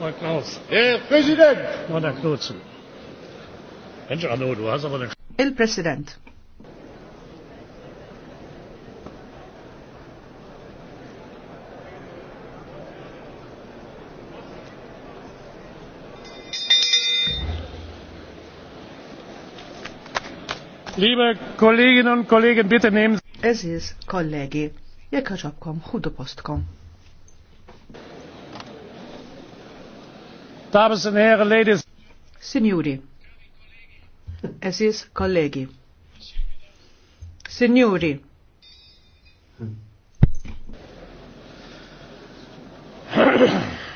Herr Il-President. Liebe Kolleginnen und Kollegen, bitte nehmen Sie... Es ist Kollegi, Ihr ħaġabkom, Hudo postkom. Dames and Herren, ladies. Signori, esis kollegi. Signori.